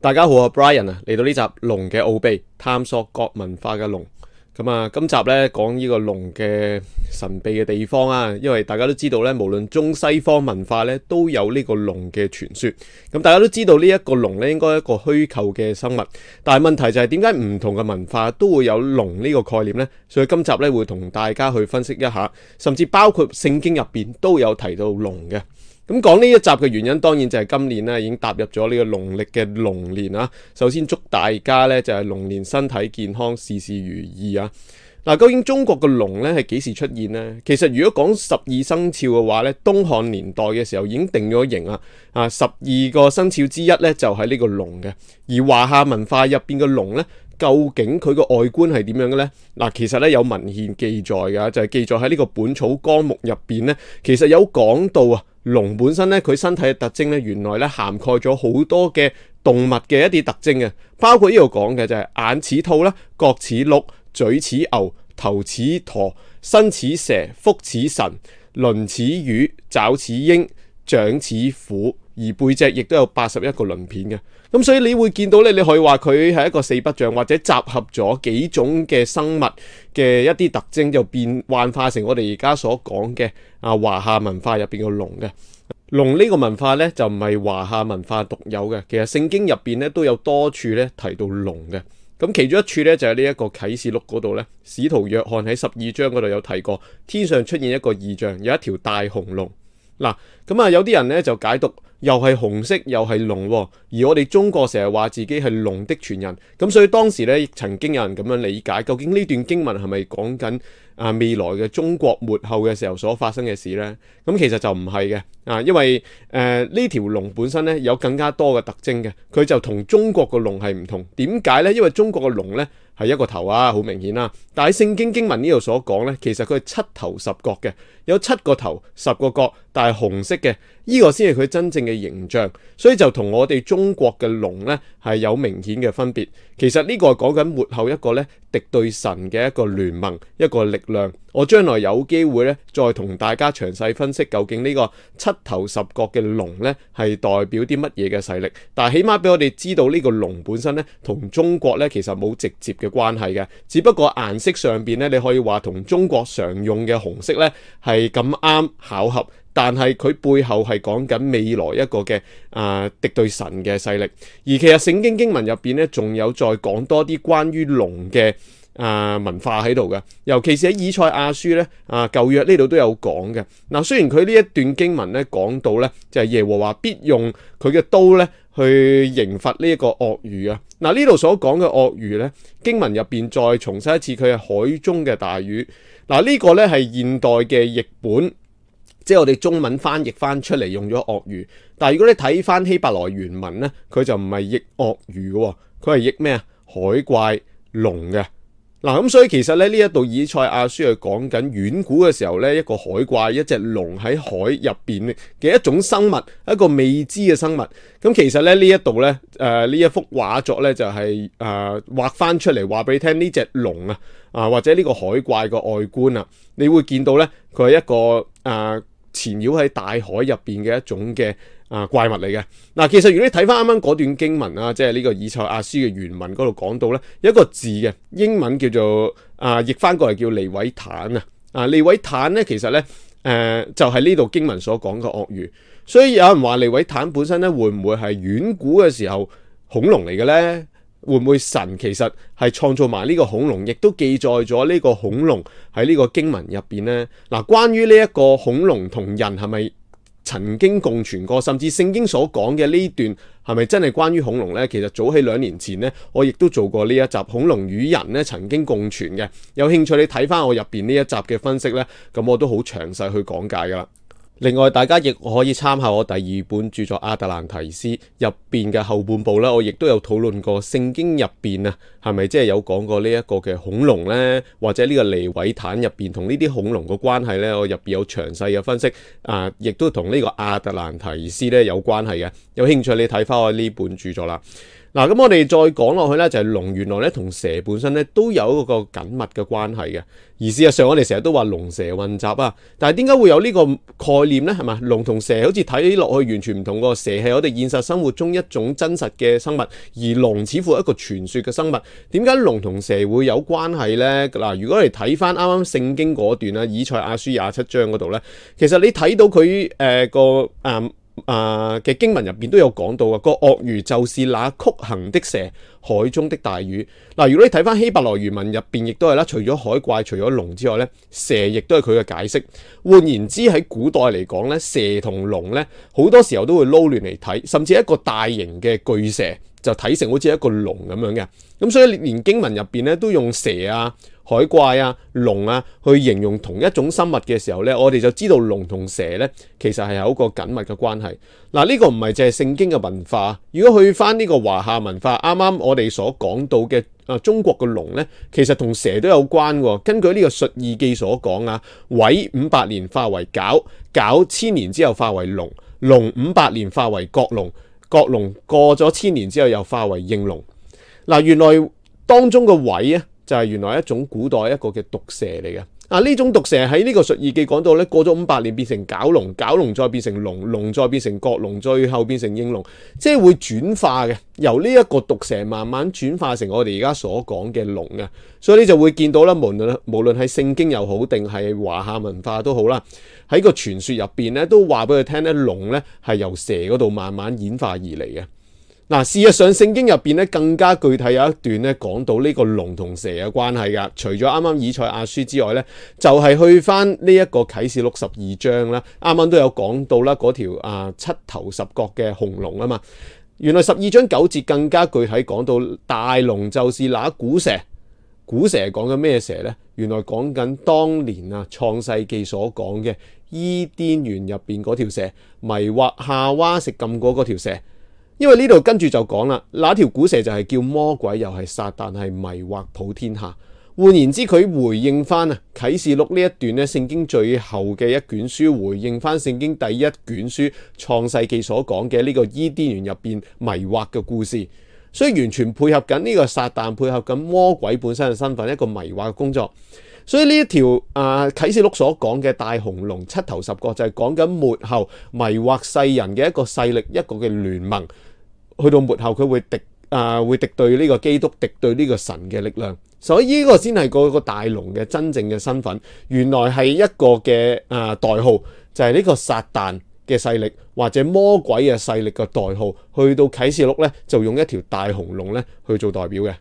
大家好啊，我係 Brian 啊，嚟到呢集龍嘅奧秘，探索各文化嘅龍。咁啊，今集呢講呢個龍嘅神秘嘅地方啊，因為大家都知道呢，無論中西方文化呢，都有呢個龍嘅傳說。咁大家都知道呢一個龍呢應該係一個虛構嘅生物，但係問題就係點解唔同嘅文化都會有龍呢個概念呢？所以今集呢，會同大家去分析一下，甚至包括聖經入邊都有提到龍嘅。咁講呢一集嘅原因，當然就係今年呢已經踏入咗呢個農曆嘅龍年啦。首先祝大家呢就係、是、龍年身體健康，事事如意啊！嗱、啊，究竟中國嘅龍呢係幾時出現呢？其實如果講十二生肖嘅話呢，東漢年代嘅時候已經定咗型啦。啊，十二個生肖之一呢就係、是、呢個龍嘅。而華夏文化入邊嘅龍呢，究竟佢個外觀係點樣嘅呢？嗱、啊，其實呢有文獻記載嘅，就係、是、記載喺呢個《本草綱目》入邊，呢其實有講到啊。龍本身咧，佢身體嘅特徵咧，原來咧涵蓋咗好多嘅動物嘅一啲特徵嘅，包括呢度講嘅就係、是、眼似兔啦，角似鹿，嘴似牛，頭似駝，身似蛇，腹似神，鱗似魚，爪似鷹，掌似虎，而背脊亦都有八十一個鱗片嘅。咁所以你會見到咧，你可以話佢係一個四不像，或者集合咗幾種嘅生物嘅一啲特徵，就變幻化成我哋而家所講嘅啊華夏文化入邊嘅龍嘅。龍呢個文化呢，就唔係華夏文化獨有嘅，其實聖經入邊呢，都有多處呢提到龍嘅。咁其中一處呢，就係呢一個啟示錄嗰度呢，使徒約翰喺十二章嗰度有提過，天上出現一個異象，有一條大紅龍。嗱，咁啊、嗯嗯、有啲人咧就解讀又係紅色又係龍，哦，而我哋中國成日話自己係龍的傳人，咁、嗯、所以當時咧曾經有人咁樣理解，究竟呢段經文係咪講緊啊未來嘅中國末後嘅時候所發生嘅事呢？咁、嗯、其實就唔係嘅，啊，因為誒呢條龍本身咧有更加多嘅特徵嘅，佢就同中國嘅龍係唔同。點解呢？因為中國嘅龍呢。係一個頭啊，好明顯啦、啊。但係喺聖經經文呢度所講呢，其實佢係七頭十角嘅，有七個頭、十個角，但係紅色嘅，呢、這個先係佢真正嘅形象。所以就同我哋中國嘅龍呢係有明顯嘅分別。其實呢個係講緊末後一個呢敵對神嘅一個聯盟，一個力量。我將來有機會咧，再同大家詳細分析究竟呢個七頭十角嘅龍咧，係代表啲乜嘢嘅勢力？但係起碼俾我哋知道呢個龍本身咧，同中國咧其實冇直接嘅關係嘅。只不過顏色上邊咧，你可以話同中國常用嘅紅色咧係咁啱巧合，但係佢背後係講緊未來一個嘅呃敵對神嘅勢力。而其實聖經經文入邊咧，仲有再講多啲關於龍嘅。啊，文化喺度嘅，尤其是喺以賽亞書呢，啊舊約呢度都有講嘅。嗱、啊，雖然佢呢一段經文咧講到呢，就係、是、耶和華必用佢嘅刀呢去刑罰呢一個鱷魚啊。嗱呢度所講嘅鱷魚呢，經文入邊再重申一次，佢係海中嘅大魚。嗱、啊、呢、這個呢係現代嘅譯本，即係我哋中文翻譯翻出嚟用咗鱷魚。但係如果你睇翻希伯來原文呢，佢就唔係譯鱷魚嘅，佢係譯咩啊？海怪龍嘅。龍嗱，咁、嗯、所以其實咧，呢一道以賽亞書佢講緊遠古嘅時候呢一個海怪、一隻龍喺海入邊嘅一種生物，一個未知嘅生物。咁、嗯、其實咧，呢一度呢，誒呢、呃、一幅畫作呢，就係、是、誒、呃、畫翻出嚟話俾你聽呢隻龍啊，啊、呃、或者呢個海怪個外觀啊，你會見到呢，佢係一個誒，呃纏繞喺大海入邊嘅一種嘅啊怪物嚟嘅。嗱，其實如果你睇翻啱啱嗰段經文啊，即係呢、呢個以賽亞書嘅原文嗰度講到呢，有一個字嘅英文叫做啊，譯翻過嚟叫利維坦啊，啊利維坦呢，其實呢，誒、呃、就係呢度經文所講嘅鱷魚，所以有人話利維坦本身呢，會唔會係遠古嘅時候恐龍嚟嘅呢？會唔會神其實係創造埋呢個恐龍，亦都記載咗呢個恐龍喺呢個經文入邊呢？嗱，啊，關於呢一個恐龍同人係咪曾經共存過？甚至聖經所講嘅呢段係咪真係關於恐龍呢？其實早喺兩年前呢，我亦都做過呢一集恐龍與人咧曾經共存嘅。有興趣你睇翻我入邊呢一集嘅分析呢，咁我都好詳細去講解噶啦。另外，大家亦可以參考我第二本著作《亞特蘭提斯》入邊嘅後半部啦。我亦都有討論過聖經入邊啊，係咪即係有講過呢一個嘅恐龍咧，或者呢個利維坦入邊同呢啲恐龍嘅關係咧？我入邊有詳細嘅分析啊，亦都同呢個亞特蘭提斯咧有關係嘅。有興趣你睇翻我呢本著作啦。嗱，咁我哋再講落去呢，就係、是、龍原來呢同蛇本身呢都有一個緊密嘅關係嘅。而事實上，我哋成日都話龍蛇混雜啊。但係點解會有呢個概念呢？係嘛，龍同蛇好似睇落去完全唔同喎。蛇係我哋現實生活中一種真實嘅生物，而龍似乎係一個傳說嘅生物。點解龍同蛇會有關係呢？嗱，如果你睇翻啱啱聖經嗰段啦，《以賽亞書廿七章》嗰度呢，其實你睇到佢誒、呃、個誒。呃啊嘅、呃、經文入邊都有講到啊，那個鱷魚就是那曲行的蛇，海中的大魚。嗱，如果你睇翻希伯來語文入邊，亦都係啦，除咗海怪，除咗龍之外呢，蛇亦都係佢嘅解釋。換言之，喺古代嚟講呢，蛇同龍呢，好多時候都會撈亂嚟睇，甚至一個大型嘅巨蛇就睇成好似一個龍咁樣嘅。咁所以連經文入邊呢，都用蛇啊。海怪啊、龍啊，去形容同一種生物嘅時候呢，我哋就知道龍同蛇呢，其實係有一個緊密嘅關係。嗱，呢、這個唔係淨係聖經嘅文化。如果去翻呢個華夏文化，啱啱我哋所講到嘅啊中國嘅龍呢，其實同蛇都有關。根據呢個《述異記》所講啊，位五百年化為蛟，蛟千年之後化為龍，龍五百年化為角龍，角龍過咗千年之後又化為應龍。嗱，原來當中嘅位啊～就係原來一種古代一個嘅毒蛇嚟嘅，啊呢種毒蛇喺呢個《述異記》講到咧，過咗五百年變成蛟龍，蛟龍再變成龍，龍再變成角龍，最後變成應龍，即係會轉化嘅，由呢一個毒蛇慢慢轉化成我哋而家所講嘅龍啊，所以你就會見到啦，無論無論係聖經又好，定係華夏文化都好啦，喺個傳說入邊呢，都話俾佢聽咧，龍呢係由蛇嗰度慢慢演化而嚟嘅。嗱，事實上聖經入邊咧更加具體有一段咧講到呢個龍同蛇嘅關係噶，除咗啱啱以賽亞書之外咧，就係去翻呢一個啟示錄十二章啦。啱啱都有講到啦，嗰條啊七頭十角嘅紅龍啊嘛，原來十二章九節更加具體講到大龍就是那古蛇，古蛇講緊咩蛇呢？原來講緊當年啊創世記所講嘅伊甸園入邊嗰條蛇，迷惑夏娃食禁果嗰條蛇。因為呢度跟住就講啦，那條古蛇就係叫魔鬼，又係撒旦，係迷惑普天下。換言之，佢回應翻啊啟示錄呢一段咧，聖經最後嘅一卷書回應翻聖經第一卷書創世記所講嘅呢個伊甸園入邊迷惑嘅故事，所以完全配合緊呢個撒旦配合緊魔鬼本身嘅身份一個迷惑嘅工作。所以呢一條啊、呃、啟示錄所講嘅大紅龍七頭十角就係講緊末後迷惑世人嘅一個勢力，一個嘅聯盟。去到末後，佢會敵啊，會敵對呢個基督，敵對呢個神嘅力量，所以呢個先係嗰個大龍嘅真正嘅身份，原來係一個嘅啊代號，就係呢個撒但嘅勢力或者魔鬼嘅勢力嘅代號，去到啟示錄呢就用一條大紅龍呢去做代表嘅。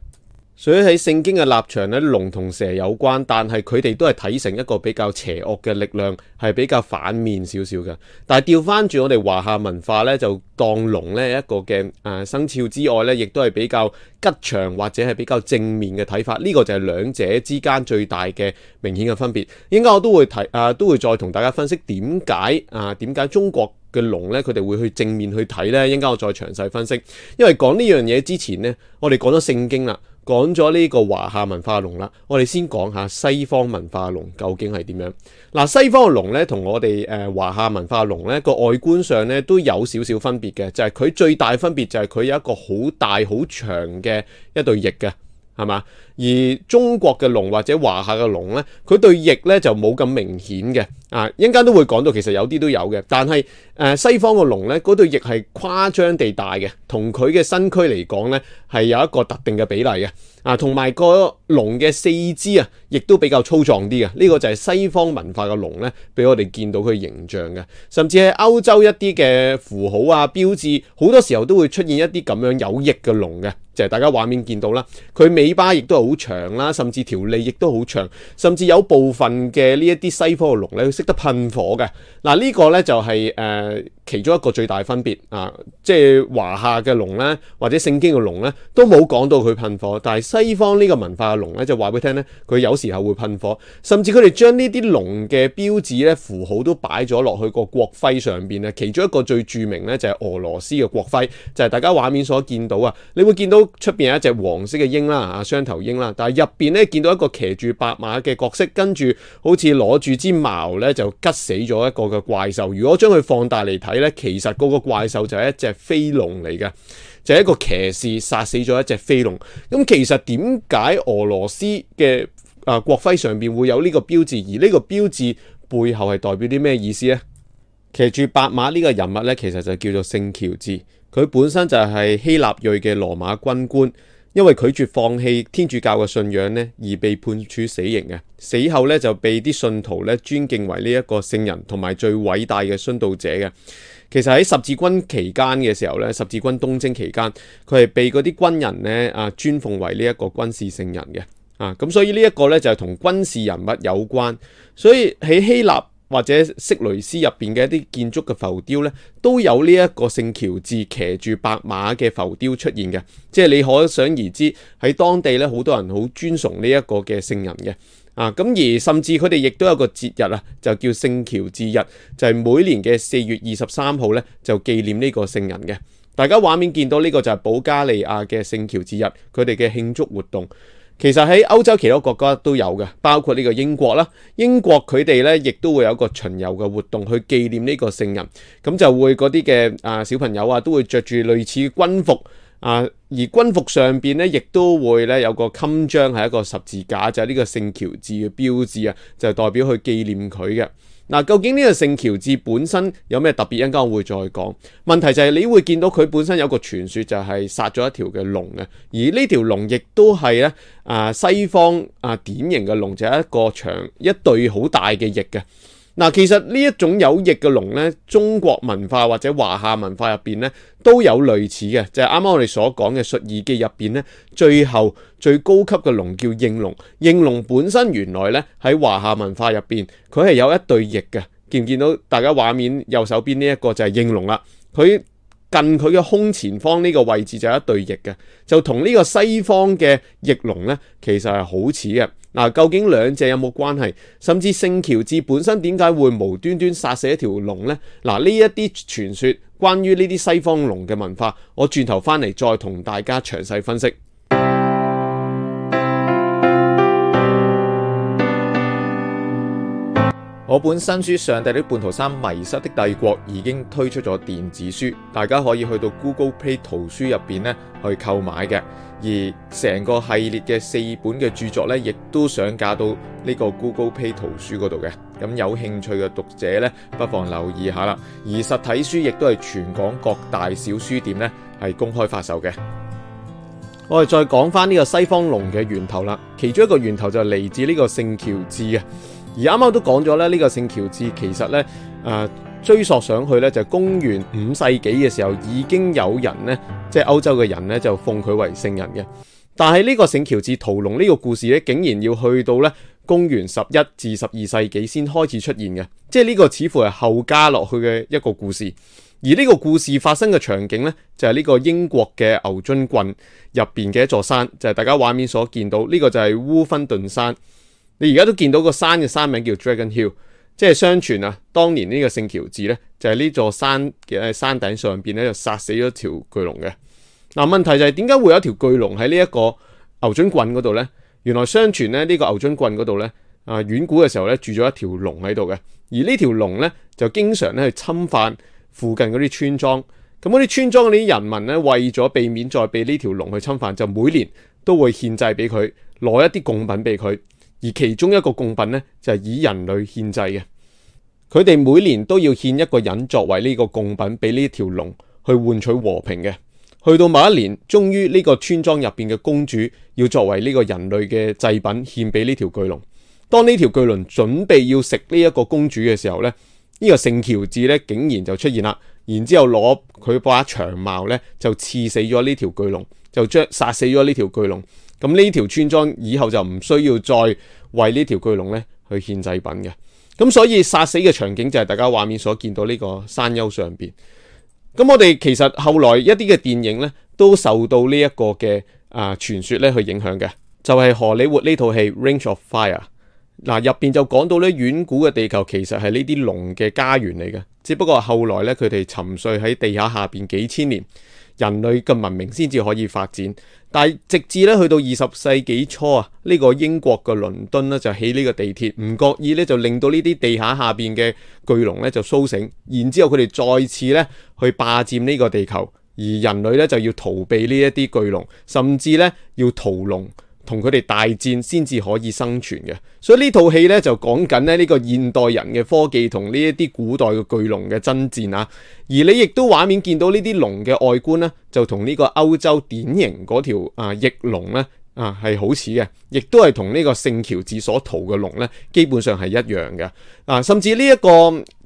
所以喺聖經嘅立場咧，龍同蛇有關，但係佢哋都係睇成一個比較邪惡嘅力量，係比較反面少少嘅。但係調翻轉，我哋華夏文化咧就當龍咧一個嘅誒、呃、生肖之外咧，亦都係比較吉祥或者係比較正面嘅睇法。呢個就係兩者之間最大嘅明顯嘅分別。應該我都會提誒、呃，都會再同大家分析點解啊？呃、點解中國嘅龍咧，佢哋會去正面去睇咧？應該我再詳細分析。因為講呢樣嘢之前呢，我哋講咗聖經啦。講咗呢個華夏文化龍啦，我哋先講下西方文化龍究竟係點樣。嗱、啊，西方嘅龍呢，同我哋誒、呃、華夏文化龍呢個外觀上呢，都有少少分別嘅，就係、是、佢最大分別就係佢有一個好大好長嘅一對翼嘅。係嘛？而中國嘅龍或者華夏嘅龍呢，佢對翼呢就冇咁明顯嘅。啊，一陣間都會講到，其實有啲都有嘅。但係誒、呃，西方嘅龍呢，嗰對翼係誇張地大嘅，同佢嘅身軀嚟講呢，係有一個特定嘅比例嘅。啊，同埋個龍嘅四肢啊，亦都比較粗壯啲嘅。呢、這個就係西方文化嘅龍呢，俾我哋見到佢形象嘅。甚至喺歐洲一啲嘅符號啊、標誌，好多時候都會出現一啲咁樣有翼嘅龍嘅。就係大家畫面見到啦，佢尾巴亦都好長啦，甚至條脷亦都好長，甚至有部分嘅呢一啲西方嘅龍咧，佢識得噴火嘅。嗱，這個、呢個咧就係、是、誒。呃其中一個最大分別啊，即係華夏嘅龍呢，或者聖經嘅龍呢，都冇講到佢噴火。但係西方呢個文化嘅龍呢，就話俾你聽呢，佢有時候會噴火。甚至佢哋將呢啲龍嘅標誌咧、符號都擺咗落去個國徽上邊咧。其中一個最著名呢，就係、是、俄羅斯嘅國徽，就係、是、大家畫面所見到啊。你會見到出邊有一隻黃色嘅鷹啦，啊雙頭鷹啦，但係入邊呢，見到一個騎住白馬嘅角色，跟住好似攞住支矛呢，就拮死咗一個嘅怪獸。如果將佢放大嚟睇，其實嗰個怪獸就係一隻飛龍嚟嘅，就係一個騎士殺死咗一隻飛龍。咁其實點解俄羅斯嘅啊國徽上邊會有呢個標誌？而呢個標誌背後係代表啲咩意思呢？騎住白馬呢個人物呢，其實就叫做聖喬治，佢本身就係希臘裔嘅羅馬軍官。因為拒絕放棄天主教嘅信仰呢而被判處死刑嘅，死後呢，就被啲信徒呢尊敬為呢一個聖人同埋最偉大嘅殉道者嘅。其實喺十字軍期間嘅時候呢十字軍東征期間，佢係被嗰啲軍人呢啊尊奉為呢一個軍事聖人嘅啊，咁所以呢一個呢，就係同軍事人物有關，所以喺希臘。或者色雷斯入邊嘅一啲建築嘅浮雕呢，都有呢一個聖喬治騎住白馬嘅浮雕出現嘅，即係你可想而知喺當地呢，好多人好尊崇呢一個嘅聖人嘅，啊咁而甚至佢哋亦都有個節日啊，就叫聖喬治日，就係每年嘅四月二十三號呢，就紀念呢個聖人嘅。大家畫面見到呢個就係保加利亞嘅聖喬治日，佢哋嘅慶祝活動。其實喺歐洲其他國家都有嘅，包括呢個英國啦。英國佢哋呢亦都會有一個巡遊嘅活動去紀念呢個聖人。咁就會嗰啲嘅啊小朋友啊，都會着住類似軍服啊、呃，而軍服上邊呢亦都會呢有個襟章係一個十字架，就係、是、呢個聖喬治嘅標誌啊，就是、代表去紀念佢嘅。嗱，究竟呢個聖喬治本身有咩特別？一陣間我會再講。問題就係你會見到佢本身有個傳說，就係、是、殺咗一條嘅龍嘅，而呢條龍亦都係咧啊西方啊、呃、典型嘅龍，就係、是、一個長一對好大嘅翼嘅。嗱，其實呢一種有翼嘅龍呢，中國文化或者華夏文化入邊咧都有類似嘅，就係啱啱我哋所講嘅《誥耳記》入邊呢，最後最高級嘅龍叫應龍。應龍本身原來呢，喺華夏文化入邊，佢係有一對翼嘅，見唔見到？大家畫面右手邊呢一個就係應龍啦，佢。近佢嘅胸前方呢個位置就有一對翼嘅，就同呢個西方嘅翼龍呢，其實係好似嘅。嗱、啊，究竟兩隻有冇關係？甚至聖喬治本身點解會無端端殺死一條龍呢？嗱、啊，呢一啲傳說關於呢啲西方龍嘅文化，我轉頭翻嚟再同大家詳細分析。我本新書《上帝的叛徒三迷失的帝國》已經推出咗電子書，大家可以去到 Google Play 圖書入邊呢去購買嘅。而成個系列嘅四本嘅著作呢，亦都上架到呢個 Google Play 圖書嗰度嘅。咁有興趣嘅讀者呢，不妨留意下啦。而實體書亦都係全港各大小書店呢係公開發售嘅。 我哋再講翻呢個西方龍嘅源頭啦，其中一個源頭就嚟自呢個聖喬治嘅。而啱啱都講咗咧，呢個聖喬治其實呢，誒追溯上去呢，就公元五世紀嘅時候已經有人呢，即係歐洲嘅人呢，就奉佢為聖人嘅。但係呢個聖喬治屠龍呢個故事呢，竟然要去到呢公元十一至十二世紀先開始出現嘅，即係呢個似乎係後加落去嘅一個故事。而呢個故事發生嘅場景呢，就係呢個英國嘅牛津郡入邊嘅一座山，就係大家畫面所見到，呢個就係烏芬頓山。你而家都見到個山嘅山名叫 Dragon Hill，即係相傳啊，當年呢個聖喬治呢，就喺、是、呢座山嘅、啊、山頂上邊呢，就殺死咗條巨龍嘅。嗱、啊，問題就係點解會有一條巨龍喺呢一個牛津郡嗰度呢？原來相傳呢，呢、這個牛津郡嗰度呢，啊，遠古嘅時候呢，住咗一條龍喺度嘅，而呢條龍呢，就經常咧去侵犯附近嗰啲村莊。咁嗰啲村莊嗰啲人民呢，為咗避免再被呢條龍去侵犯，就每年都會獻祭俾佢攞一啲貢品俾佢。而其中一個供品呢，就係、是、以人類獻祭嘅。佢哋每年都要獻一個人作為呢個供品，俾呢條龍去換取和平嘅。去到某一年，終於呢個村莊入邊嘅公主要作為呢個人類嘅祭品獻俾呢條巨龍。當呢條巨龍準備要食呢一個公主嘅時候呢，呢、這個聖喬治呢竟然就出現啦。然之後攞佢把長矛呢，就刺死咗呢條巨龍，就將殺死咗呢條巨龍。咁呢條村莊以後就唔需要再為呢條巨龍呢去獻祭品嘅，咁所以殺死嘅場景就係大家畫面所見到呢個山丘上邊。咁我哋其實後來一啲嘅電影呢都受到呢一個嘅啊、呃、傳說呢去影響嘅，就係、是、荷里活呢套戲《Reign of Fire》嗱，入邊就講到呢遠古嘅地球其實係呢啲龍嘅家園嚟嘅，只不過後來呢，佢哋沉睡喺地下下邊幾千年，人類嘅文明先至可以發展。但係直至咧去到二十世紀初啊，呢個英國嘅倫敦咧就起呢個地鐵，唔覺意咧就令到呢啲地下下邊嘅巨龍咧就甦醒，然之後佢哋再次咧去霸佔呢個地球，而人類咧就要逃避呢一啲巨龍，甚至咧要屠龍。同佢哋大戰先至可以生存嘅，所以呢套戲呢，就講緊咧呢個現代人嘅科技同呢一啲古代嘅巨龍嘅爭戰啊。而你亦都畫面見到呢啲龍嘅外觀呢，就同呢個歐洲典型嗰條啊翼龍呢啊係好似嘅，亦都係同呢個聖喬治所屠嘅龍呢基本上係一樣嘅啊。甚至呢一個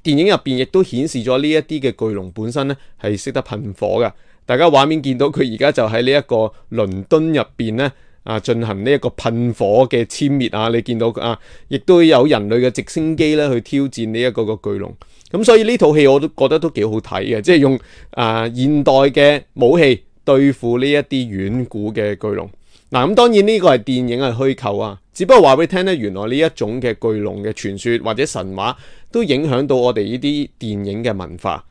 電影入邊亦都顯示咗呢一啲嘅巨龍本身呢係識得噴火嘅。大家畫面見到佢而家就喺呢一個倫敦入邊呢。啊！進行呢一個噴火嘅殲滅啊！你見到啊，亦都有人類嘅直升機咧去挑戰呢一個個巨龍咁，所以呢套戲我都覺得都幾好睇嘅，即係用啊、呃、現代嘅武器對付呢一啲遠古嘅巨龍嗱。咁當然呢個係電影係虛構啊，只不過話俾你聽呢，原來呢一種嘅巨龍嘅傳說或者神話都影響到我哋呢啲電影嘅文化。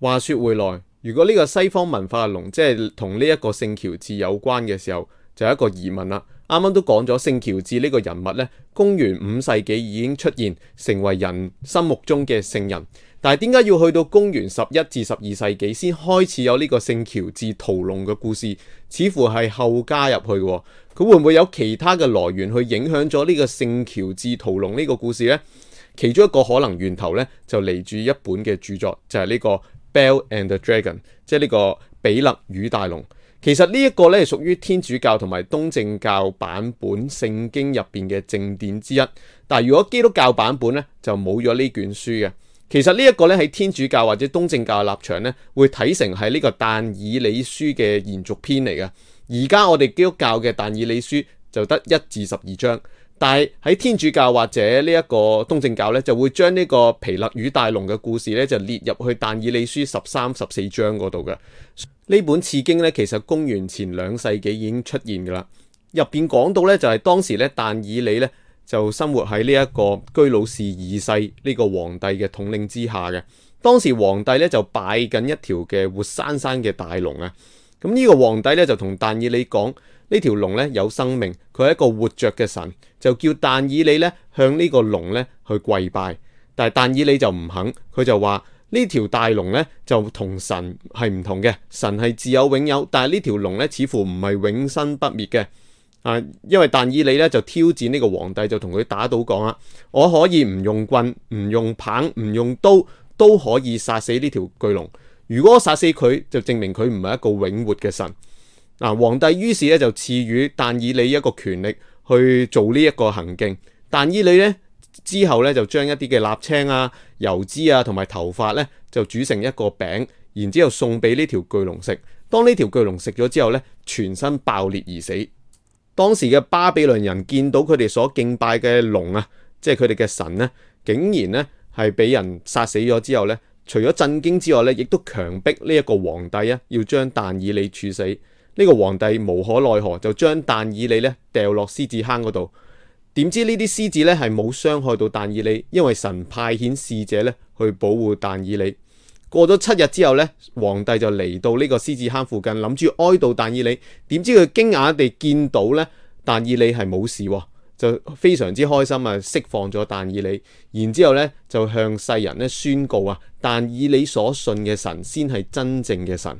話說回來，如果呢個西方文化嘅龍即係同呢一個聖喬治有關嘅時候。就有一個疑問啦，啱啱都講咗聖喬治呢個人物呢，公元五世紀已經出現，成為人心目中嘅聖人。但係點解要去到公元十一至十二世紀先開始有呢個聖喬治屠龍嘅故事？似乎係後加入去嘅、哦。佢會唔會有其他嘅來源去影響咗呢個聖喬治屠龍呢個故事呢？其中一個可能源頭呢，就嚟自一本嘅著作，就係、是、呢個《Bell and the Dragon》，即係呢個《比勒與大龍》。其實呢一個咧，係屬於天主教同埋東正教版本聖經入邊嘅正典之一，但係如果基督教版本咧，就冇咗呢卷書嘅。其實呢一個咧，喺天主教或者東正教嘅立場咧，會睇成係呢個但以理書嘅延續篇嚟嘅。而家我哋基督教嘅但以理書就得一至十二章。但係喺天主教或者呢一個東正教呢，就會將呢個皮勒與大龍嘅故事呢，就列入去但以理書十三十四章嗰度嘅。呢本次經呢，其實公元前兩世紀已經出現嘅啦。入邊講到呢，就係、是、當時呢，但以理呢，就生活喺呢一個居魯士二世呢、這個皇帝嘅統領之下嘅。當時皇帝呢，就拜緊一條嘅活生生嘅大龍啊！咁呢個皇帝呢，就同但以理講。呢條龍呢有生命，佢係一個活着嘅神，就叫但以理呢向呢個龍呢去跪拜，但但以理就唔肯，佢就話呢條大龍呢就同神係唔同嘅，神係自有永有，但係呢條龍呢似乎唔係永生不滅嘅，啊，因為但以理呢就挑戰呢個皇帝就同佢打賭講啊，我可以唔用棍，唔用棒，唔用刀都可以殺死呢條巨龍，如果我殺死佢，就證明佢唔係一個永活嘅神。嗱，皇帝於是咧就賜予但以利一個權力去做呢一個行徑。但以利咧之後呢，就將一啲嘅蠟青啊、油脂啊同埋頭髮呢，就煮成一個餅，然之後送俾呢條巨龍食。當呢條巨龍食咗之後呢，全身爆裂而死。當時嘅巴比倫人見到佢哋所敬拜嘅龍啊，即係佢哋嘅神呢、啊，竟然呢係俾人殺死咗之後呢，除咗震驚之外呢，亦都強迫呢一個皇帝啊要將但以利處死。呢個皇帝無可奈何，就將但以理咧掉落獅子坑嗰度。點知呢啲獅子咧係冇傷害到但以理，因為神派遣侍者咧去保護但以理。過咗七日之後呢，皇帝就嚟到呢個獅子坑附近，諗住哀悼但以理。點知佢驚訝地見到咧，但以理係冇事，就非常之開心啊，釋放咗但以理。然之後咧就向世人咧宣告啊，但以理所信嘅神先係真正嘅神。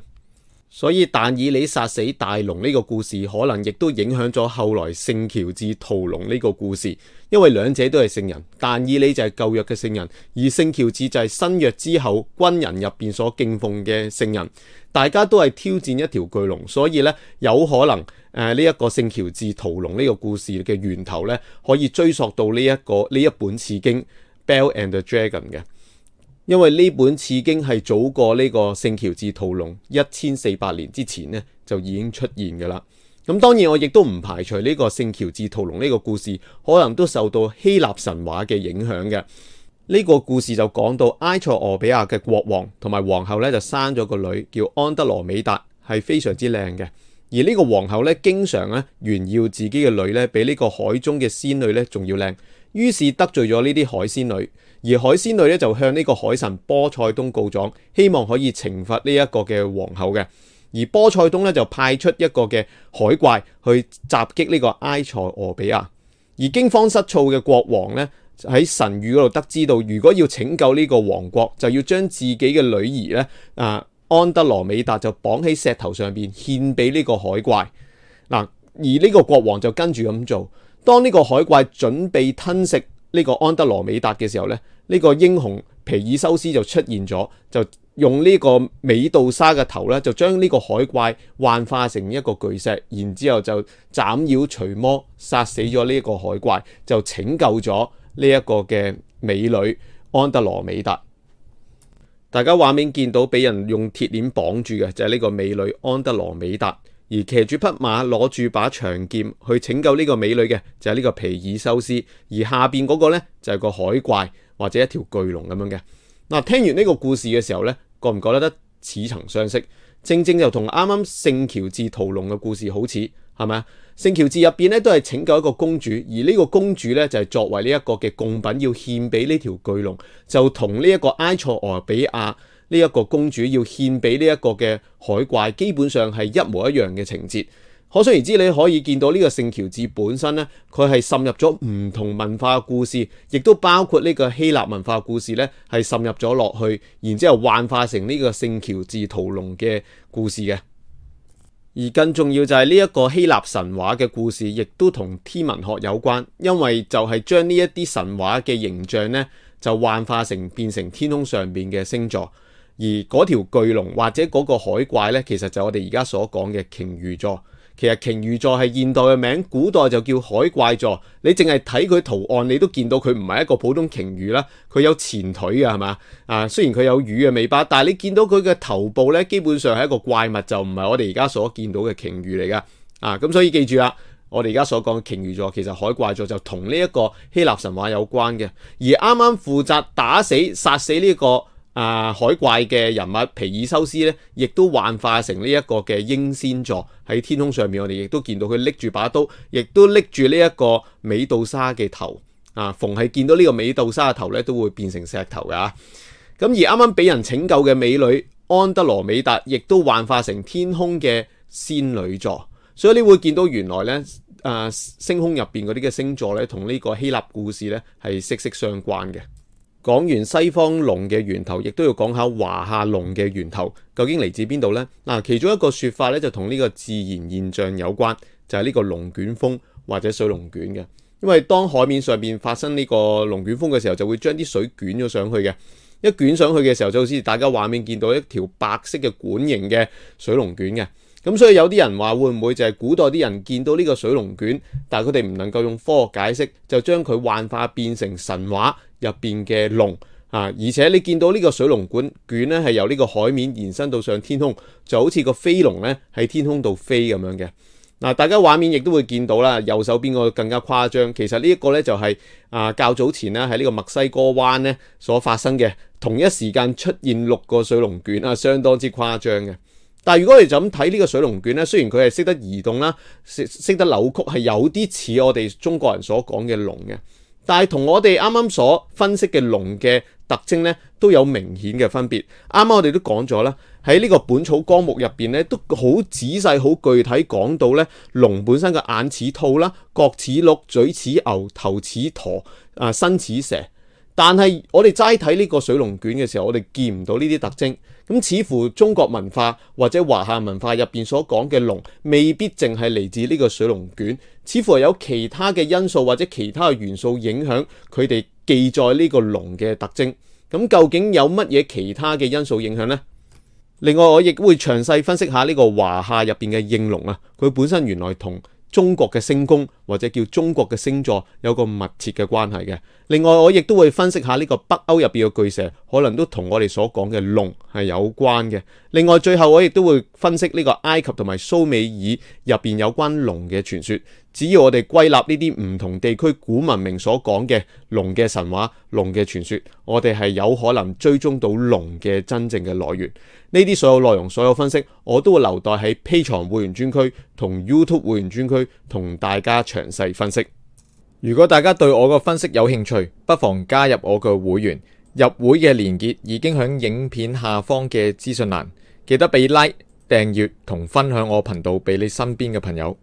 所以，但以理殺死大龍呢個故事，可能亦都影響咗後來聖喬治屠龍呢個故事，因為兩者都係聖人，但以理就係舊約嘅聖人，而聖喬治就係新約之後軍人入邊所敬奉嘅聖人，大家都係挑戰一條巨龍，所以呢，有可能誒呢一個聖喬治屠龍呢個故事嘅源頭呢，可以追溯到呢、這、一個呢一本次經《Bel and the Dragon》嘅。因為呢本次經係早過呢個聖喬治屠龍一千四百年之前呢就已經出現㗎喇。咁當然我亦都唔排除呢個聖喬治屠龍呢個故事可能都受到希臘神話嘅影響嘅。呢個故事就講到埃塞俄比亞嘅國王同埋皇后呢，就生咗個女叫安德羅美達係非常之靚嘅。而呢個皇后呢，經常呢炫耀自己嘅女呢，比呢個海中嘅仙女呢仲要靚。於是得罪咗呢啲海仙女，而海仙女咧就向呢個海神波塞冬告狀，希望可以懲罰呢一個嘅皇后嘅。而波塞冬咧就派出一個嘅海怪去襲擊呢個埃塞俄比亞，而驚慌失措嘅國王呢，喺神諭嗰度得知到，如果要拯救呢個王國，就要將自己嘅女兒呢，啊安德羅美達就綁喺石頭上邊獻俾呢個海怪嗱，而呢個國王就跟住咁做。當呢個海怪準備吞食呢個安德羅美達嘅時候呢，呢個英雄皮爾修斯就出現咗，就用呢個美杜莎嘅頭呢就將呢個海怪幻化成一個巨石，然之後就斬妖除魔，殺死咗呢一個海怪，就拯救咗呢一個嘅美女安德羅美達。大家畫面見到俾人用鐵鏈綁住嘅就係呢個美女安德羅美達。而騎住匹馬攞住把長劍去拯救呢個美女嘅就係、是、呢個皮爾修斯，而下邊嗰個咧就係、是、個海怪或者一條巨龍咁樣嘅。嗱、啊，聽完呢個故事嘅時候呢，覺唔覺得得似曾相識？正正就同啱啱聖喬治屠龍嘅故事好似，係咪啊？聖喬治入邊呢都係拯救一個公主，而呢個公主呢，就係、是、作為呢一個嘅供品要獻俾呢條巨龍，就同呢一個埃塞俄比亞。呢一個公主要獻俾呢一個嘅海怪，基本上係一模一樣嘅情節。可想而知，你可以見到呢個聖喬治本身呢佢係滲入咗唔同文化嘅故事，亦都包括呢個希臘文化故事呢係滲入咗落去，然之後幻化成呢個聖喬治屠龍嘅故事嘅。而更重要就係呢一個希臘神話嘅故事，亦都同天文學有關，因為就係將呢一啲神話嘅形象呢，就幻化成變成天空上邊嘅星座。而嗰條巨龍或者嗰個海怪呢，其實就我哋而家所講嘅鯨魚座。其實鯨魚座係現代嘅名，古代就叫海怪座。你淨係睇佢圖案，你都見到佢唔係一個普通鯨魚啦。佢有前腿㗎係嘛？啊，雖然佢有魚嘅尾巴，但係你見到佢嘅頭部呢，基本上係一個怪物，就唔係我哋而家所見到嘅鯨魚嚟噶。啊，咁所以記住啦、啊，我哋而家所講嘅鯨魚座，其實海怪座就同呢一個希臘神話有關嘅。而啱啱負責打死、殺死呢、這、一個啊！海怪嘅人物皮爾修斯咧，亦都幻化成呢一個嘅英仙座喺天空上面，我哋亦都見到佢拎住把刀，亦都拎住呢一個美杜莎嘅頭。啊，逢係見到呢個美杜莎嘅頭咧，都會變成石頭噶咁、啊、而啱啱俾人拯救嘅美女安德羅美達，亦都幻化成天空嘅仙女座。所以你會見到原來咧，誒、啊，星空入邊嗰啲嘅星座咧，同呢個希臘故事咧係息息相關嘅。講完西方龍嘅源頭，亦都要講下華夏龍嘅源頭，究竟嚟自邊度呢？嗱、啊，其中一個說法咧就同呢個自然現象有關，就係、是、呢個龍捲風或者水龍捲嘅。因為當海面上面發生呢個龍捲風嘅時候，就會將啲水捲咗上去嘅。一捲上去嘅時候，就好似大家畫面見到一條白色嘅管形嘅水龍捲嘅。咁所以有啲人話會唔會就係古代啲人見到呢個水龍捲，但係佢哋唔能夠用科學解釋，就將佢幻化變成神話。入邊嘅龍啊，而且你見到呢個水龍捲捲咧，係由呢個海面延伸到上天空，就好似個飛龍咧喺天空度飛咁樣嘅。嗱、啊，大家畫面亦都會見到啦，右手邊個更加誇張。其實呢一個呢、就係，就係啊較早前啦喺呢個墨西哥灣呢所發生嘅，同一時間出現六個水龍捲，啊，相當之誇張嘅。但係如果你就咁睇呢個水龍捲，咧，雖然佢係識得移動啦，識識得扭曲，係有啲似我哋中國人所講嘅龍嘅。但係同我哋啱啱所分析嘅龍嘅特徵呢，都有明顯嘅分別。啱啱我哋都講咗啦，喺呢個《本草綱目》入邊呢，都好仔細、好具體講到呢龍本身嘅眼似兔啦，角似鹿，嘴似牛，頭似駝，啊身似蛇。但係我哋齋睇呢個水龍捲嘅時候，我哋見唔到呢啲特徵。咁似乎中國文化或者華夏文化入邊所講嘅龍，未必淨係嚟自呢個水龍捲，似乎係有其他嘅因素或者其他嘅元素影響佢哋記載呢個龍嘅特徵。咁究竟有乜嘢其他嘅因素影響呢？另外我亦會詳細分析下呢個華夏入邊嘅應龍啊，佢本身原來同中國嘅星宮。或者叫中國嘅星座有個密切嘅關係嘅。另外，我亦都會分析下呢個北歐入邊嘅巨蛇，可能都同我哋所講嘅龍係有關嘅。另外，最後我亦都會分析呢個埃及同埋蘇美爾入邊有關龍嘅傳說。只要我哋歸納呢啲唔同地區古文明所講嘅龍嘅神話、龍嘅傳說，我哋係有可能追蹤到龍嘅真正嘅來源。呢啲所有內容、所有分析，我都會留待喺 Patreon 會員專區同 YouTube 會員專區同大家長詳細分析。如果大家對我個分析有興趣，不妨加入我個會員。入會嘅連結已經響影片下方嘅資訊欄。記得俾 like、訂閱同分享我頻道俾你身邊嘅朋友。